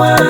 one.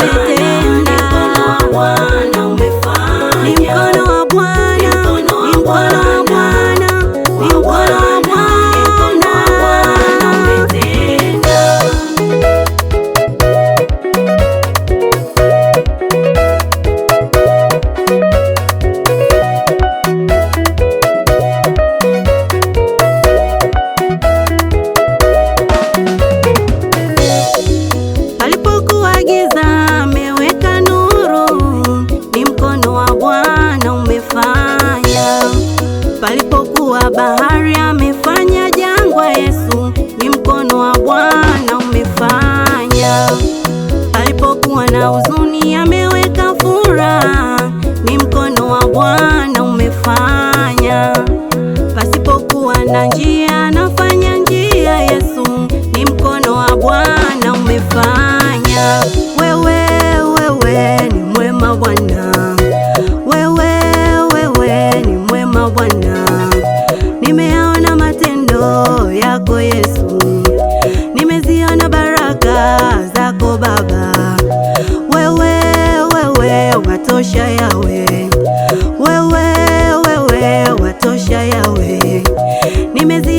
Make wa bahari amefanya jangwa, Yesu ni mkono wa Bwana umefanya, alipokuwa na huzuni yanatosha yawe nimezi